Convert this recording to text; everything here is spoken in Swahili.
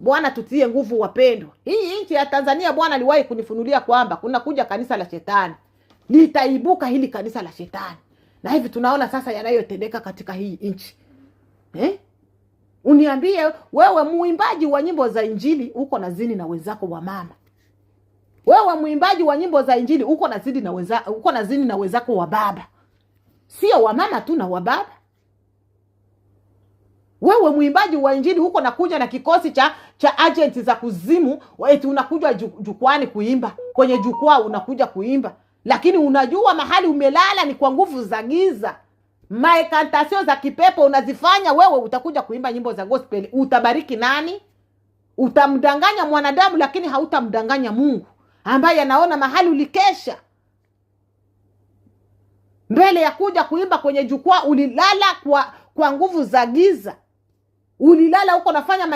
Bwana tutie nguvu wapendwa. Hii nchi ya Tanzania Bwana aliwahi kunifunulia kwamba kuna kuja kanisa la shetani, litaibuka hili kanisa la shetani, na hivi tunaona sasa yanayotendeka katika hii nchi eh? Uniambie wewe, muimbaji wa nyimbo za Injili, uko na zini na wenzako wa mama? Wewe mwimbaji wa nyimbo za Injili, uko na zini na wenzako, uko na zini na wenzako wa baba, sio wa mama tu na wa baba wewe mwimbaji wa injili huko nakuja na kikosi cha cha agenti za kuzimu, eti unakuja jukwani kuimba, kwenye jukwaa unakuja kuimba, lakini unajua mahali umelala ni kwa nguvu za giza. Maekantasio za kipepo unazifanya wewe, utakuja kuimba nyimbo za gospel, utabariki nani? Utamdanganya mwanadamu, lakini hautamdanganya Mungu ambaye anaona mahali ulikesha mbele ya kuja kuimba kwenye jukwaa ulilala kwa kwa nguvu za giza. Ulilala huko nafanya